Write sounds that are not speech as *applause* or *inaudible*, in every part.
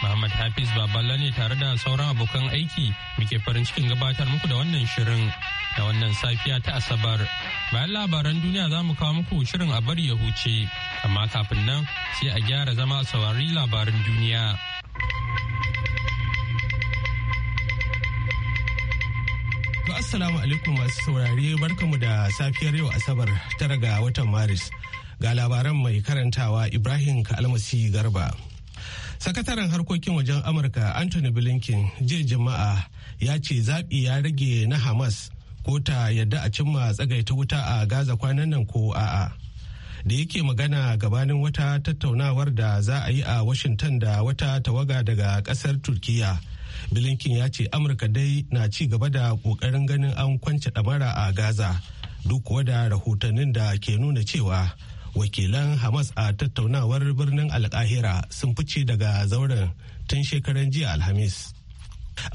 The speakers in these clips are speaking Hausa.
Muhammad Hafiz Baballa ne tare da sauran abokan aiki muke farin cikin gabatar muku da wannan shirin da wannan safiya ta Asabar. Bayan labaran duniya za mu kawo muku shirin a bari ya huce, amma kafin nan sai a gyara zama a saurari labaran duniya. To Assalamu alaikum masu saurare barkamu da safiyar yau Asabar tara ga watan Maris. Ga labaran mai karantawa Ibrahim Kalmasi Garba. sakataren harkokin wajen amurka anthony blinken jiya jama'a ya ce zaɓi ya rage na hamas ko ta yadda a cimma tsagaita wuta a gaza kwanan nan ko a'a da yake magana gabanin wata tattaunawar da za a yi a washington da wata tawaga daga kasar turkiya blinken ya ce amurka dai na ci gaba da kokarin ganin an kwance damara a gaza duk da rahotannin da ke nuna cewa wakilan hamas a tattaunawar birnin alkahira sun fice daga zauren tun shekaran jiya alhamis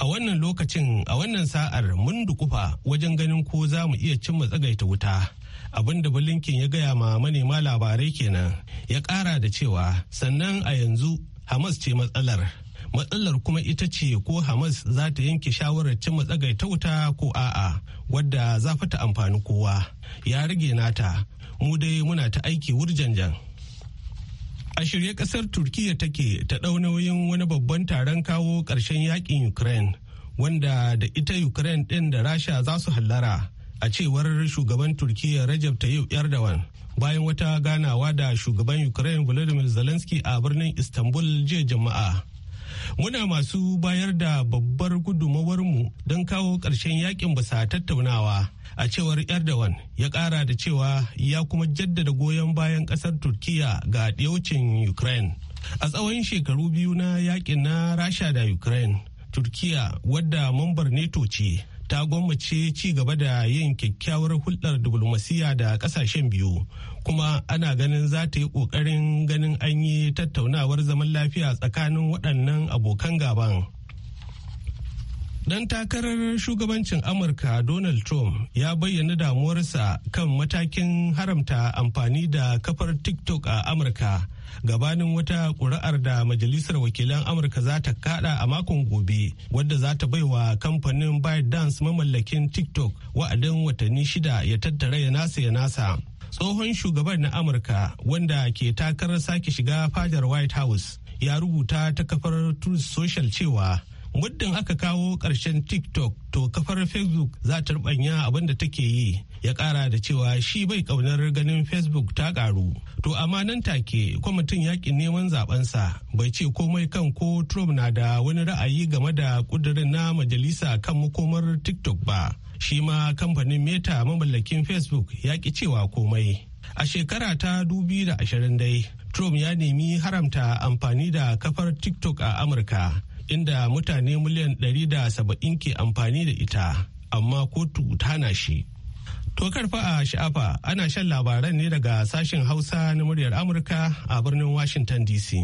a wannan lokacin a wannan sa'ar mun dukufa wajen ganin ko za mu iya cimma tsagaita wuta abin da ya gaya ma manema labarai kenan ya kara da cewa sannan a yanzu hamas ce matsalar matsalar kuma ita ce ko hamas za ta yanke shawarar cin ta wuta ko a'a wadda za ta amfani kowa ya rage nata mu dai muna ta aiki wurjanjan a shirye kasar turkiya take ta ɗau nauyin wani babban taron kawo ƙarshen yakin ukraine wanda da ita ukraine ɗin da rasha za su hallara a cewar shugaban turkiya rajab tayyip erdogan bayan wata ganawa da shugaban ukraine volodymyr zelensky a birnin istanbul jiya jama'a muna masu bayar da babbar mu don kawo ƙarshen yakin sa tattaunawa a cewar erdogan ya ƙara da cewa ya kuma jaddada goyon bayan ƙasar turkiya ga ɗiyocin ukraine a tsawon shekaru biyu na yakin na rasha da ukraine turkiya wadda mambar neto ce ta gwammace ci gaba da yin kyakkyawar hulɗar diflomasiyya da ƙasashen biyu kuma ana ganin za ta yi ƙoƙarin ganin an yi tattaunawar zaman lafiya tsakanin waɗannan abokan gaban. Dan takarar shugabancin Amurka Donald Trump ya bayyana damuwarsa kan matakin haramta amfani da kafar TikTok a Amurka gabanin wata ƙuri'ar da Majalisar Wakilan Amurka za ta kada a makon gobe wadda za ta baiwa kamfanin ByteDance mamallakin TikTok wa'adin watanni shida ya tattara ya nasa ya nasa. tsohon shugaban na amurka wanda ke takarar sake shiga fadar white house ya rubuta ta kafar truth social cewa muddin aka kawo ƙarshen tiktok to kafar facebook za ta rubanya abinda take yi ya kara da cewa shi bai ƙaunar ganin facebook ta ƙaru to amma nan take kwamitin yakin neman zabensa bai ce komai kan ko trump na da wani ra'ayi game da kudirin na majalisa kan makomar tiktok ba shi ma kamfanin meta mamallakin facebook ya ki cewa komai a shekara ta dubi da ashirin dai trump ya nemi haramta amfani da kafar tiktok a amurka inda mutane miliyan 170 ke amfani da ita amma kotu hana shi to karfa a sha'afa ana shan labaran ne daga sashen hausa na muryar amurka a birnin washington dc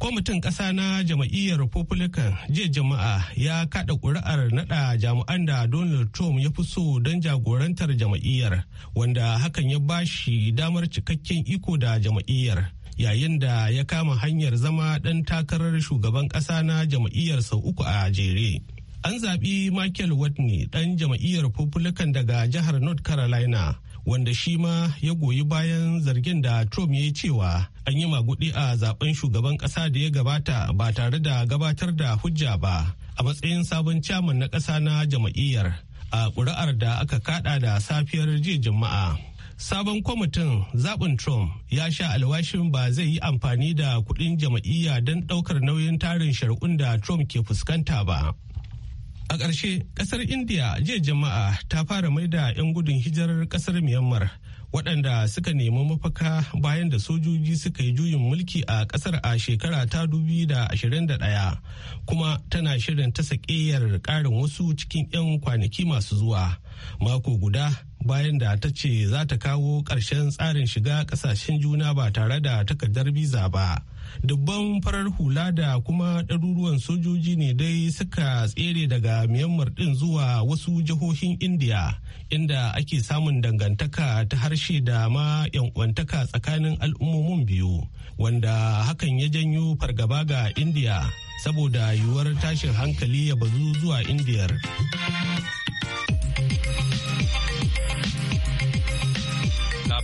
kwamitin ƙasa na jama'iyyar republican jiya jama'a ya kada ƙuri'ar nada jami'an da donald trump ya fi so don jagorantar jama'iyyar wanda hakan ya ba shi damar cikakken iko da jama'iyyar yayin da ya kama hanyar zama ɗan takarar shugaban ƙasa na jama'iyyar sau uku a jere an zaɓi michael watney ɗan jama'iyyar republican daga jihar north carolina wanda shi ma ya goyi bayan zargin da Trump ya yi cewa an yi magudi a zaben shugaban ƙasa da ya gabata ba tare da gabatar da hujja ba a matsayin sabon caman na ƙasa na jama'iyyar a ƙuri'ar da aka kada da safiyar jiya juma'a. Sabon kwamitin zaɓin Trump ya sha alwashin ba zai yi amfani da kuɗin jama'iyya don ɗaukar nauyin tarin shari'un da Trump ke fuskanta ba. A ƙarshe, ƙasar India jiya jama'a ta fara maida 'yan gudun hijirar ƙasar Myanmar waɗanda suka nemi mafaka bayan da sojoji suka yi juyin mulki a ƙasar a shekara ta ɗaya kuma tana shirin ta saƙiyar ƙarin wasu cikin 'yan kwanaki masu zuwa mako guda bayan da ta ce za ta kawo ƙarshen tsarin shiga ƙasashen juna ba tare da takardar biza ba dubban farar hula da kuma ɗaruruwan sojoji ne dai suka tsere daga myanmar ɗin zuwa wasu jihohin indiya inda ake samun dangantaka ta harshe da ma yankwantaka tsakanin al'ummomin biyu wanda hakan ya janyo fargaba ga indiya saboda yiwuwar tashin hankali ya bazu zuwa indiyar.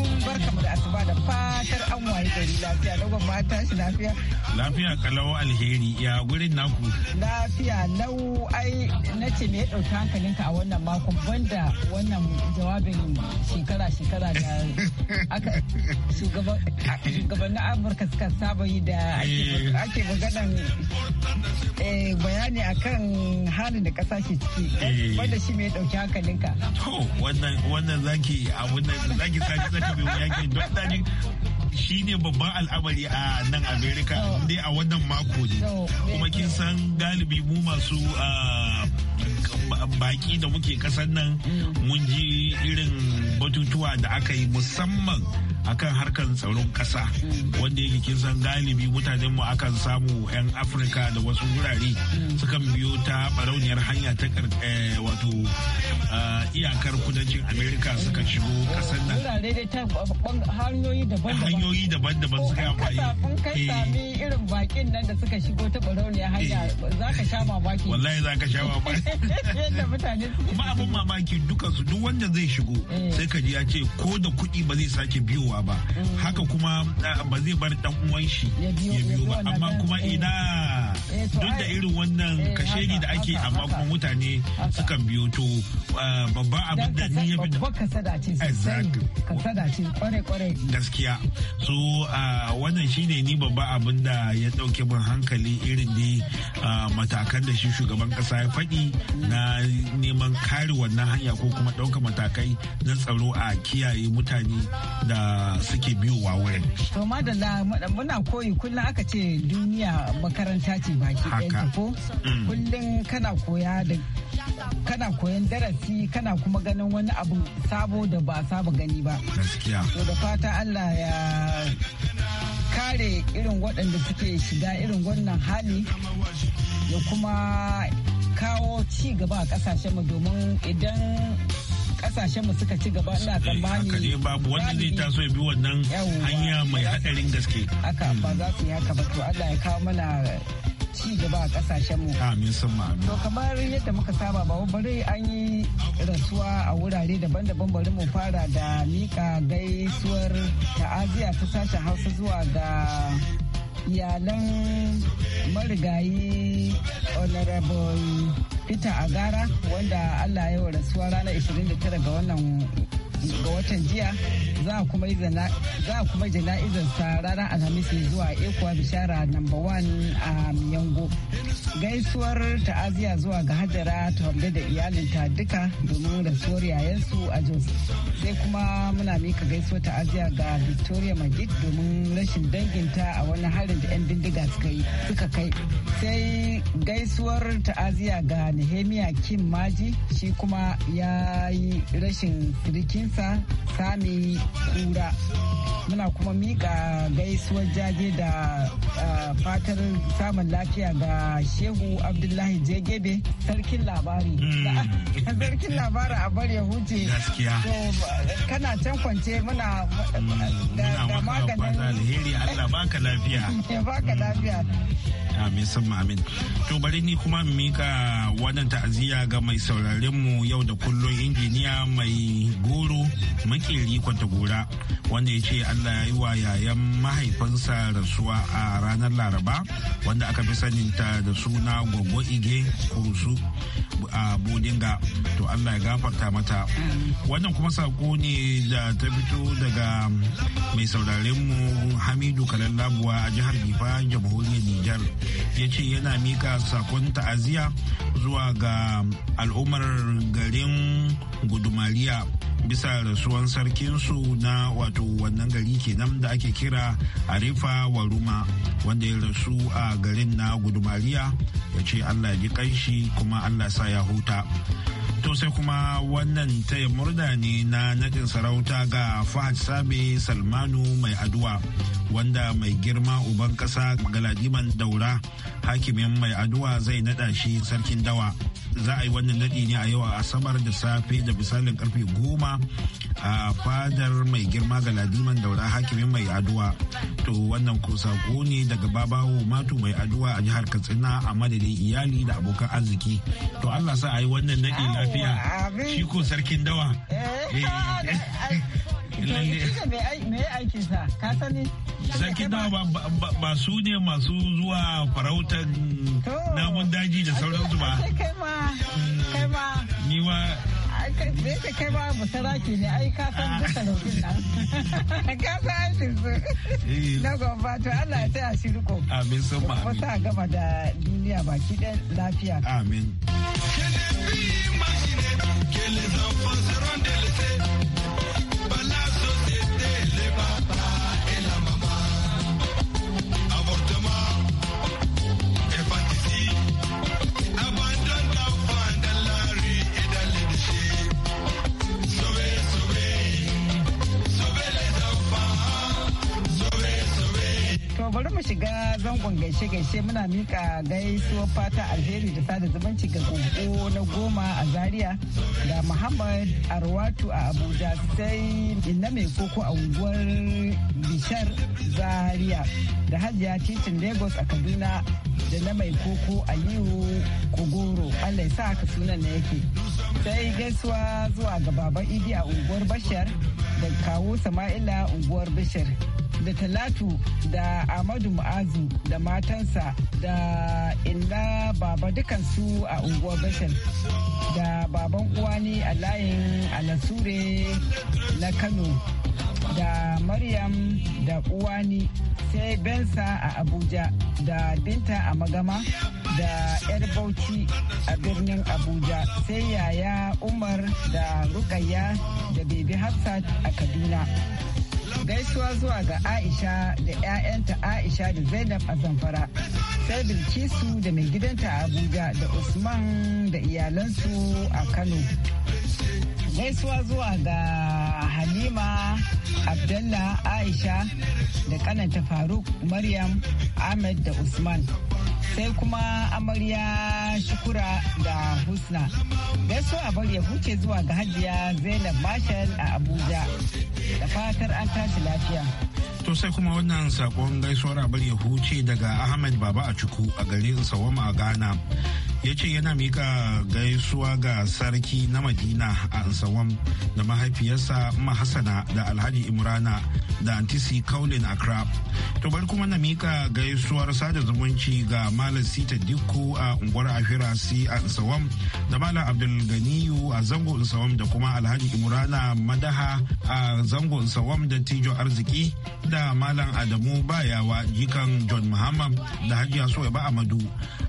alaikum barkamu da asuba da fatar an waye gari lafiya da gwamma tashi lafiya. Lafiya kalau alheri ya gurin naku. Lafiya lau ai na ce me ya ɗauki hankalinka a wannan makon banda wannan jawabin shekara-shekara da aka shugabannin Amurka suka saba yi da ake eh. maganan eh, bayani akan halin da kasashe ke ciki. Banda eh. shi me ya ɗauki hankalinka. To wannan zaki abun da zaki sake aka yakin shi ne babban al'amari a nan america dai a wannan mako ne kuma kin san galibi mu masu ah, baki da muke kasan nan mun ji irin batutuwa da aka yi musamman akan harkar tsaron kasa wanda yake kin san galibi mutanen mu akan samu 'yan afirka da wasu wurare sukan biyo ta barauniyar hanya ta eh, wato ah, iyakar kudancin amerika suka shigo kasar nan wurare hanyoyi daban-daban suka yi amfani kai eh. sami irin bakin nan da suka shigo ta barauniya hanya eh. za ka sha mamaki wallahi za ka sha mamaki *laughs* yadda mutane kuma abin mamaki dukansu duk wanda zai shigo eh. sai ka ji ya ce ko da kuɗi ba zai sake biyowa ba mm. haka kuma ah, ba zai bar dan uwan shi ya biyo ba amma kuma ina duk da irin wannan eh, kashedi da ake amma kuma mutane sukan biyo to ah, babban abin da ni ya bi gaskiya so ah, wannan shine ni babban abin da ya dauke min hankali irin ne ah, matakan da shi shugaban kasa ya faɗi na neman kare wannan hanya ko kuma ɗaukar matakai na tsaro a kiyaye mutane da suke biyowa wurin. to madalla muna koyi kullum aka ce duniya makaranta ce baki ɗaya ko mm. kullum kana koya da kana koyan darasi kana kuma ganin wani abu sabo da ba saba gani ba gaskiya to da fata Allah ya kare irin waɗanda suke shiga irin wannan hali ya kuma kawo ci gaba a kasashen mu domin idan kasashen mu suka ci gaba ina eh, tsammani haka babu wanda zai taso ya bi wannan hanya mai hadarin gaske haka ba za su yi haka ba to Allah ya kawo mana ci gaba a kasashen mu amin sun ma. to kamar yadda muka saba ba bari an yi rasuwa a wurare daban-daban bari mu fara da mika gaisuwar ta'aziya ta sashen Hausa zuwa ga iyalan marigayi honorable peter agara wanda allah ya rasuwa ranar 29 ga wannan ga watan jiya za a kuma jana'izar sa ranar alhamis zuwa ekuwa bishara namba 1 a miyango gaisuwar ta'aziya zuwa ga hajara ta da iyalinta duka domin rasuwar yayansu a jos sai kuma muna mika gaisuwar ta'aziya ga victoria majid domin rashin danginta a wani harin da 'yan bindiga suka kai sai gaisuwar ta'aziya ga nehemiya kim maji shi kuma ya yi rashin sirikin sunansa sami kura muna kuma mika gaisuwar jaje da fatar samun lafiya ga shehu abdullahi jegebe sarkin labari hmm. *laughs* sarkin labari a bar ya huce kana can kwance muna hmm, da maganin alheri allah baka lafiya *laughs* ya baka lafiya amin sama amin to bari ni kuma mika wannan ta'aziyya ga mai sauraren mu yau da kullum injiniya mai goro makeri kwanta gora wanda ya ce allah ya yi wa yayan mahaifinsa rasuwa a ranar laraba wanda aka fi saninta da suna goggo ige kurusu a bodinga to allah ya gafarta mata wannan kuma sako ne da ta fito daga mai sauraren mu hamidu kalallabuwa a jihar bifa jamhuriyar nijar ya ce yana mika sakon ta'aziyya zuwa ga al'ummar garin gudumariya bisa rasuwan sarkinsu na wato wannan gari kenan da ake kira arifa waruma wanda ya rasu a garin na gudumariya ya ce allah ji kanshi kuma allah sa ya huta to sai kuma wannan taya murda ne na nadin sarauta ga fahad sabe salmanu mai aduwa wanda mai girma uban ƙasa galadiman daura hakimin mai addu'a zai nada shi sarkin dawa za a yi wannan nadi ne a yau a asabar da safe da misalin karfe goma a fadar mai girma galadiman daura hakimin mai aduwa to wannan sako ne daga babawo matu mai addu'a a jihar katsina a madadin iyali da abokan arziki to allah sa a yi wannan nadi lafiya shi ko sarkin dawa eh, eh. *laughs* me aikin sa ka sani sarki ba su ne masu zuwa farautar namun daji da sauran sauransu ba kai ma ni ma da yake kai ma mu saraki ne ai ka san duka raukin nan ka san aikin su eh. na gwamba to Allah ya taya shi riko amin sun ma amin a gama da duniya baki ɗan lafiya amin Kele bi ma shi ne kele zan fasiran da lise. zangon gaishe-gaishe muna mika gaisuwar fata alheri da sada zumunci ga gogo na goma a zaria da muhammad arwatu a abuja sai inna mai koko a unguwar bishar zaria da hajiya titin lagos a kaduna da na mai koko aliyu kogoro allah ya sa haka sunan na yake sai gaisuwa zuwa ga baban idi a unguwar bashar da kawo sama'ila unguwar bashar da talatu da amadu mu'azu da matansa da inna baba dukansu a unguwar bashir da baban uwani a layin alasure na kano da maryam da uwani sai bensa a abuja da binta a magama da yar bauchi a birnin abuja sai yaya umar da rukayya da bebi hafsat a kaduna gaisuwa zuwa ga Aisha da 'ya'yanta Aisha da Zainab a Zamfara, sai Bilkisu da mai gidanta a Abuja da Usman da iyalansu a Kano. Gaisuwa zuwa ga halima abdullah aisha da kananta faruk maryam ahmed da usman sai kuma amarya shukura da husna gaiso a bari ya huce zuwa ga hajiya zainab marshall a abuja da fatar an tashi lafiya to sai kuma wannan sakon gaisuwar abar ya huce daga ahmed baba a cuku a garin sawama a ghana ya ce yana mika gaisuwa ga sarki na madina a ansawan da mahaifiyarsa mahasana da alhaji imrana da antisi kaunin accra to bari kuma na mika gaisuwar sada zumunci ga malam sita dikko a unguwar afirasi a ansawan da malam abdulganiyu a zango ansawan da kuma alhaji imrana madaha a zango ansawan da tijo arziki da malam adamu bayawa jikan john muhammad da hajiya so ba amadu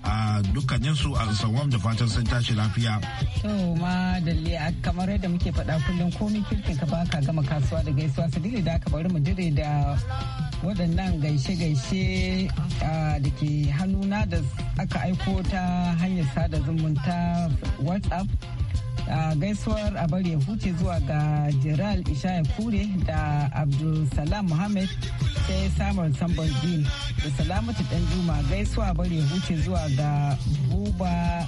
a dukkaninsu sawam da fatan sun tashi lafiya. To ma kamar yadda muke faɗa kullum komai kirkin ka baka gama kasuwa da gaisuwa dili da aka bari mu dire da waɗannan gaishe-gaishe da ke hannuna da aka aiko ta hanyar sada zumunta WhatsApp A gaisuwar a bari huce zuwa ga jiral ishaya kure da abdulsalam muhammad sai sambon din da salamatu dan juma gaisuwa a bari huce zuwa ga buba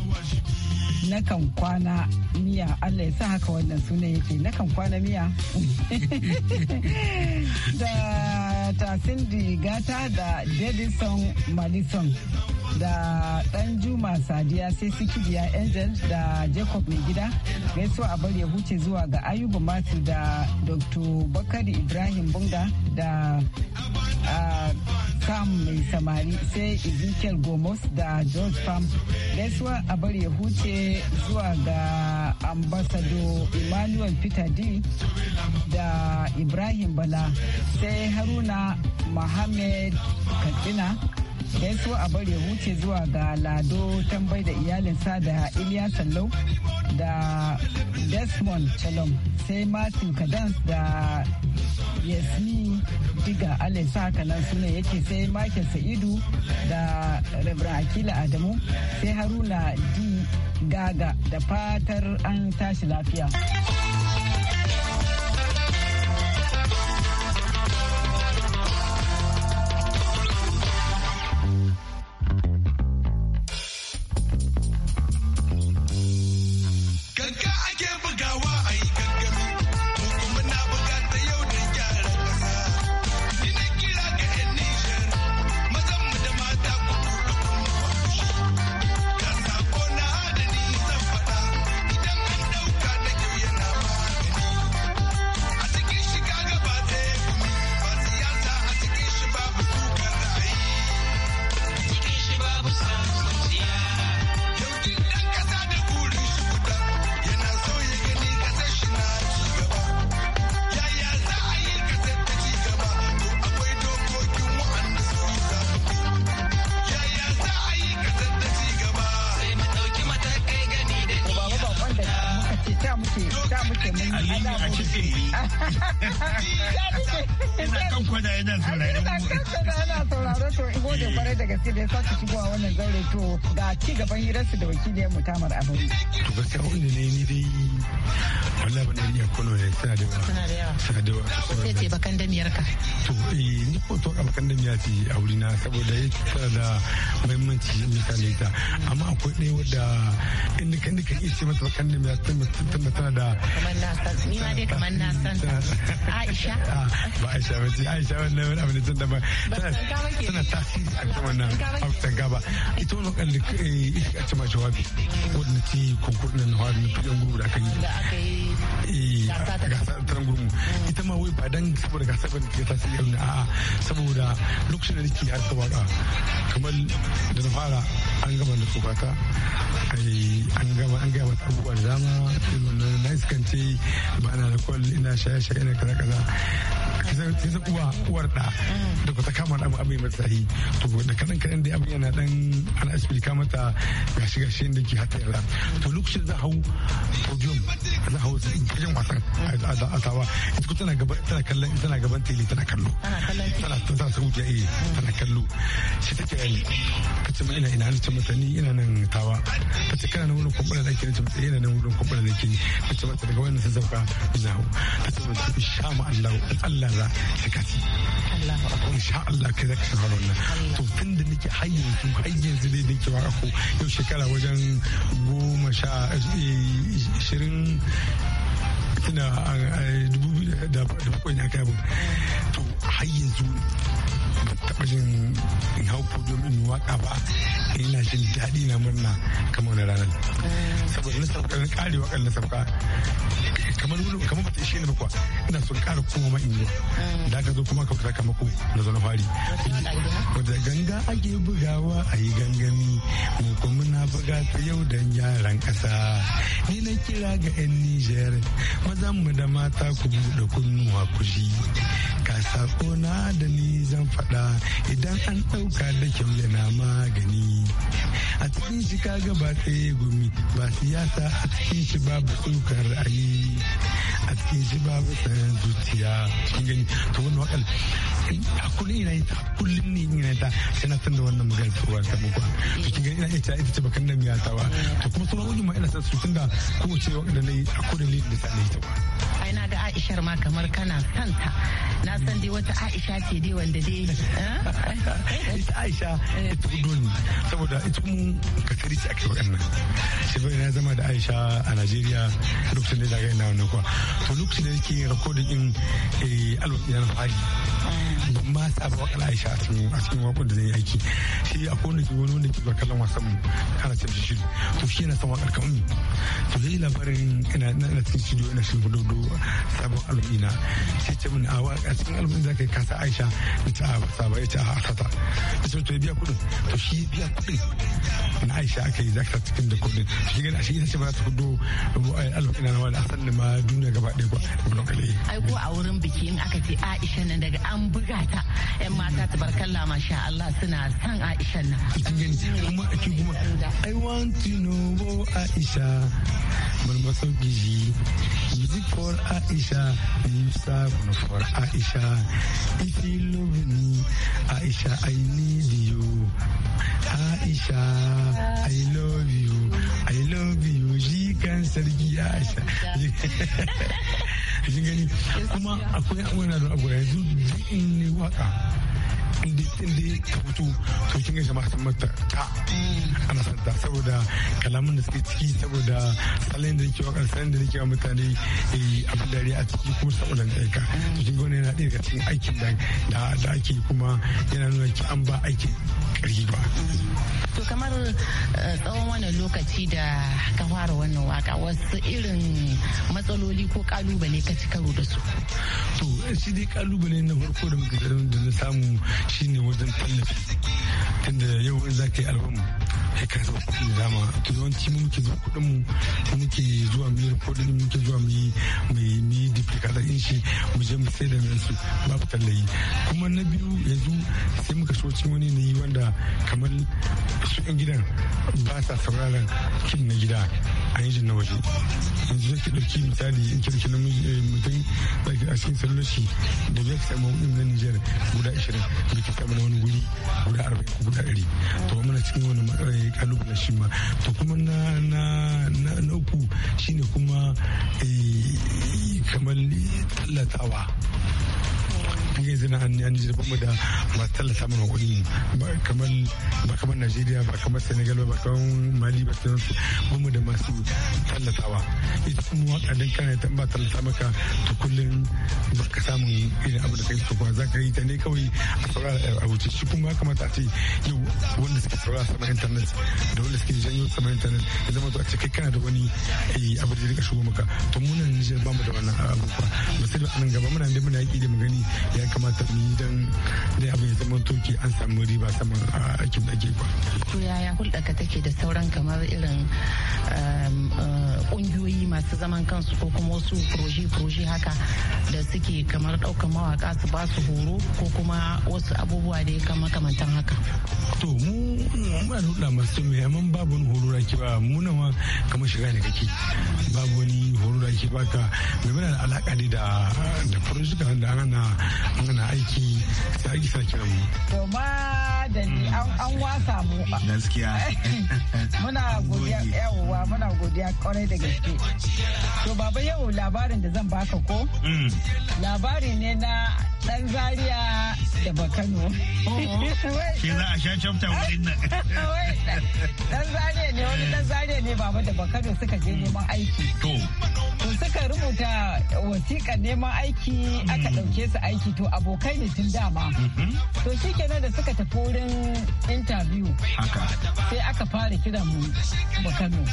nakan kwana miya Allah ya sa haka wannan sunan yake nakan kwana miya *laughs* da tasindi gata da dedison malison da dan juma sadiya sai sikidiya angel da jacob mai gida gaisuwa a bari ya huce zuwa ga ayuba matu da dr bakari ibrahim bunga da ah, Kam mai samari sai ezekiel gomos da george pam gaisuwa a bar ya huce zuwa ga ambasado emmanuel peter d da ibrahim bala sai haruna mohammed katsina gaisuwa a bar ya huce zuwa ga lado tambai da iyalinsa da iliya sallau da desmond shalom sai martin kadans da yasmin diga ga Allah sa haka nan sunan yake sai Michael Sa'idu da Rabra Akila Adamu sai Haruna D Gaga da fatar an tashi lafiya. a kitse ina kan kwada yana saurare ina kan kwada yana saurare to gode kwarai da gaske da ya sake a wannan zaure to ga ci gaban hirarsu da wakiliyar mutamar abin to gaskiya ne ni dai wallahi ban iya kono ne suna da yawa suna da yawa sai ce bakan ka to eh ni ko to bakan damiya ce a wuri na saboda ya tsara da muhimmanci misali ta amma akwai ɗaya wadda inda kan da kan iya ce mata bakan damiya ta mata da kamar na san ni ma dai kamar na san Aisha ah, ba Aisha ba ce Aisha wannan wani abu ne tun da ba tana tasiri a kan wannan abu tanka ba ita wani kan da eh, ya ma jawabi wadda kunkurin na hawa na fiyan da aka yi Eh, gasa ta gurmu mm. ita ma wai ba dan saboda gasa ba ke ta sai a saboda lokacin da nake har ta waka kamar da na fara an gama da tsofata eh, an gama an gama abubuwa da dama na iskance ba na da kwal ina shaye-shaye kaza-kaza kisa uwa uwar da da ba ta kama da abin mai tsayi to da kadan kadan da abin yana dan ana explica mata gashi gashi ke hata yarda to lokacin za hau podium za hau wasan a tawa ita tana tana kallon tana gaban tele tana kallo tana tana tana eh, kallo shi take yi kace ina ina ni mata ni ina nan tawa kace kana nan wurin kumbura da mata eh, ina nan wurin kumbura da kace mata daga wannan sai hau kace mata sha ma Allah Allah Allah sai ka ci insha Allah kai zaka shahara wannan to tun da nake har yanzu har yanzu dai nake wa ko yau shekara wajen goma sha shirin tuna eh, dubu da bakwai na kai to har yanzu ban taɓa jin in hau podium in waka ba ina jin daɗi na murna kamar wani ranar saboda na sauka na ƙare waƙar na sauka kamar wurin kamar bata shi ne ba kuwa ina son ƙara koma in yi mm. da ka zo kuma ka fita ku na zo na fari wadda ganga ake bugawa a yi gangami mu kuma na buga ta yau da yaran ƙasa ni na kira ga 'yan Nijar mazan mu da mata ku buɗe kunnuwa ku shi ka sako na da ni zan faɗa idan an ɗauka da kyaule na magani a cikin shi kaga ba tsaye gumi ba siyasa a cikin shi babu tsokar ra'ayi a cikin shi babu tsayin zuciya cikin gani to wani wakal a kullum ina yin ta kullum ne ina ta sai san da wannan magana ta uwar ta bukwa to kin gani ina ita ita ce bakan nan ya ta ba to kuma sauran wani ma ina sa su kowace wakil da na yi a kullum ne da ta ne ta ba na ga aishar ma kamar kana santa na san dai wata aisha ce dai wanda dai eh? ita aisha ita udo ne saboda ita mu katari ce aka yi waɗannan shi bai na zama da aisha a najeriya lokacin da zaga ina wannan kuwa to lokacin da yake rakodin in eh, alwa na fari ma saba aisha a cikin a cikin wakon da zai aiki shi a kowane ke wani wanda ke ba kallon wasan kana shi to shi yana wakar kamar to zai labarin ina cikin dodo sabon sai ce a cikin za ka yi kasa aisha ita a saba ita a asata ta ce to biya kudin to shi biya kudin na aisha aka yi za ka cikin da kudin shi gani a shi ita ce ba ta kudo eh, na wani ma duniya gaba ɗaya ba ai ko a wurin biki in aka ce aisha nan daga an buga ta yan mata tabarkalla masha Allah suna san Aisha nan kuma ki kuma I want to know Aisha mun masauki shi music for Aisha Musa for Aisha if you love me Aisha I need you Aisha I love you I love you she can sarki Aisha *laughs* kin gani kuma akwai wani da abu yanzu in ne waka inda inda ta fito to kin gani jama'a sun mata ta ana santa saboda kalaman da suke ciki saboda salon da yake waka salon da yake wa mutane eh, abin dariya a ciki ko saboda aika to kin gani yana ɗaya daga cikin aikin da ake kuma yana nuna ki an ba aikin riba to kamar eh, tsawon wani lokaci da ka fara wannan waka wasu irin matsaloli ko kalubale ka ci karo da su to shi dai kalubale na farko da muka da na samu shine wajen tallafi tunda yau za ka yi album sai ka zuba kuɗin da dama to yawanci mu muke zuba kuɗin mu muke zuwa mu yi rikodin mu muke zuwa mu yi mu yi duplicator shi mu je mu sai da su tallayi kuma na biyu yanzu sai muka so cin wani yi wanda kamar su 'yan gidan ba sa sauraron kin na gida a yanjin na waje yanzu zai ɗauki misali in kirki na eh, mutum zaki a cikin da zai samu hudun na Nijar guda 20 da ke samu na wani guri guda 40 guda 100 to muna cikin wani matsayi kalubalen shi ma to kuma na na na uku shine kuma eh, kamar tallatawa an yi zina an yi zina mu da masu tallata mana kuɗi ba kamar najeriya ba kamar senegal ba kamar mali ba kamar ba mu da masu tallatawa ita kuma waka dan kana ta ba tallata maka to kullum ba ka samu irin abu da kai so ba za ka yi ta ne kawai a saurara a wuce shi kuma ya kamata a ce yau wanda suke saurara sama internet da wanda suke janyo sama internet ya zama to a ce kai kana da wani eh, abu da ya rika shigo maka to munan nijar ba mu da wannan abu ba misali a nan gaba muna da muna yaƙi da mu gani ya ya kamata mu yi don da abin ya zama toki an samu riba saman aikin da ake ba. Ko yaya hulɗa ka take da sauran kamar irin um, uh, ƙungiyoyi masu zaman kansu ko kuma wasu proje-proje haka da suke kamar ɗaukar mawaƙa su ba su horo ko kuma wasu abubuwa da ya kama kamantan haka. To mu muna da hulɗa masu mai amma babu wani horo da ke ba na ma kamar shiga ne kake babu wani horo da ke ka mai muna da alaƙa ne da da furuzuka da ana muna aiki ta aiki sa kiran yi. To ma da ni an wasa mu. Gaskiya. *laughs* Muna godiya yawwa muna godiya kwarai da gaske. To baba yau labarin da zan baka ko? Mm. Labari ne na dan zaria da bakano ke za a sha chapter wurin nan dan zane ne wani dan zane ne baba da bakano suka je neman aiki to suka rubuta wasiƙar neman aiki aka mm. ɗauke su aiki to abokai ne tun dama mm-hmm. to shikenan da suka tafi wurin interview sai aka fara kira mu bakano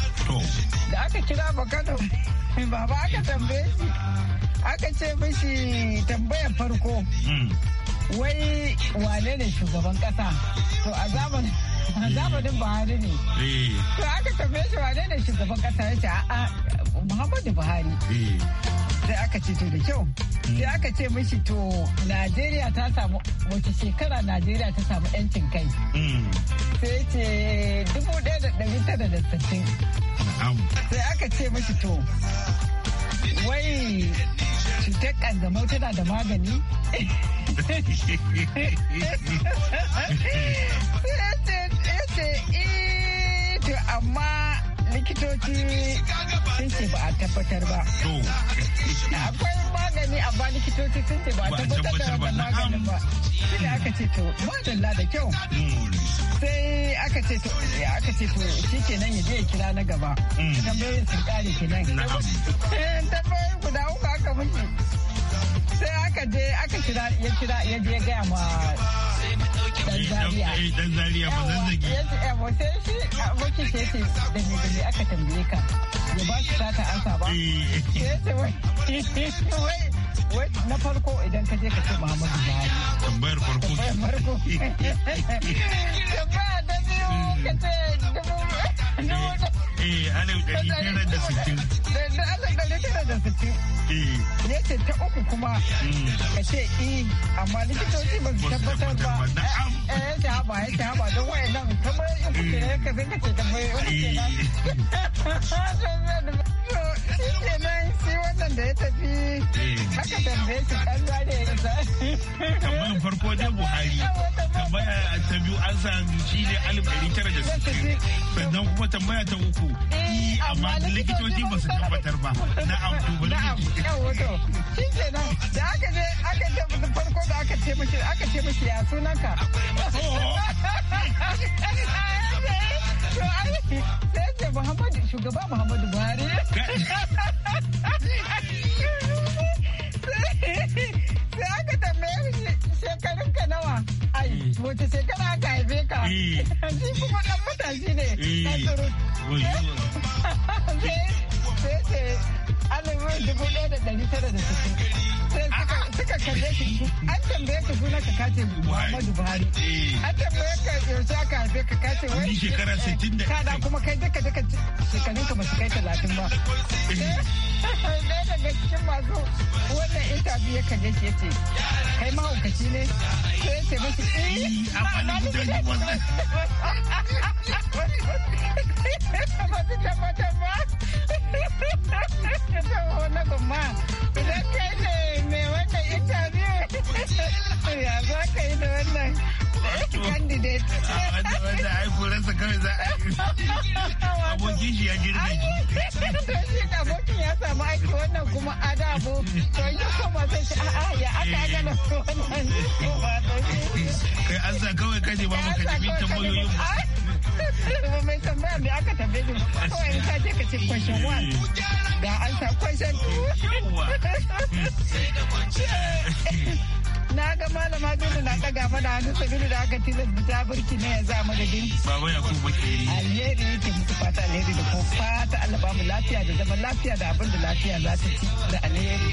da aka kira bakano *laughs* baba aka tambaye shi aka ce mishi tambayar farko mm. wai wane ne shugaban kasa to a zamanin buhari ne eh. to aka tambaye shi wane ne shugaban kasa ya ce a muhammadu buhari eh. sai aka ce to da kyau sai aka ce mishi to najeriya ta samu wace shekara najeriya ta samu yancin kai hmm. sai ce dubu ɗaya da ɗari tara da sittin sai aka ce mishi to wai cutar kanzamau tana da magani *laughs* Eh, to amma likitoci sun ce ba a tabbatar ba. Akwai magani amma likitoci sun ce ba a tabbatar da maganin ba. Shi aka ce to madalla da kyau. Sai aka ce to eh, aka ce to shi kenan ya je ya kira na gaba. Mm. Tambayoyin sun kare kenan. Eh, tambayoyin guda uku aka mutu. sai aka je aka kira ya kira ya je gaya ma dan zariya dan zariya abokin sai ce da me da aka tambaye ka ya ba shi sata ansa ba sai wai wai na farko idan ka je ka ce Muhammadu Buhari tambayar farko tambayar farko tambaya da biyu ka ce dubu Eh, alif ɗari tara da sittin. Da alif ɗari tara da sittin. Eh. ce ta uku kuma hmm. ka ce eh amma likitoci ba su tabbatar ba. Eh, ta haba, ya ta haba don waye nan kamar in kuke ya ka zai kace da mai wani kenan. Eh. *laughs* Shi kenan sai wannan da ya tafi haka eh. tambaye shi ɗan zare ya isa. Tambayin farko dai Buhari. Tambaya ta biyu an sa shi ne alif ɗari tara da sittin. Sannan kuma tambaya ta uku abu eh, amma likitoci ba su tabbatar ba na abu na abu shi ke nan da aka je aka je farko da aka ce mashi aka ce mashi ya sunanka oh. *laughs* sai ce muhammadu shugaba muhammadu buhari eh. *laughs* sai aka tambaye shi shekarunka nawa ai wace shekara aka Ni kuma ne. dubu ɗaya da ɗari tara da suka kalle ki an tambaye ka suna ka kace Muhammadu Buhari an tambaye ka yaushe aka haife ka kace wai ni shekara da kada kuma kai duka duka shekarun ka ba kai 30 ba ɗaya daga cikin masu wannan interview ya kalle shi kai mahaukaci ne sai ya ce masu eh amma wannan tabbatar ba ko na gumma idan kai ne mai wannan interview ya za ka yi da wannan candidate wanda ai kuransa kawai za a yi abokin shi ya girbe shi abokin ya samu aiki wannan kuma adabu to yi kuma sai shi a'a ya aka gana eh. wannan kai an sa kawai kaje ba mu ka jimin tambayoyin ba Kuma mai tambaya da aka tambaye ka je ka ce one ga ansa two. Na ga malama Bello na ɗaga mana hannu sabili da aka tilasta ta burki ne zama da madadin. Baba ya kuma ke Alheri yake muku fata alheri da kuma fata Allah ba mu lafiya da zaman lafiya da abin da lafiya za ta ci da alheri.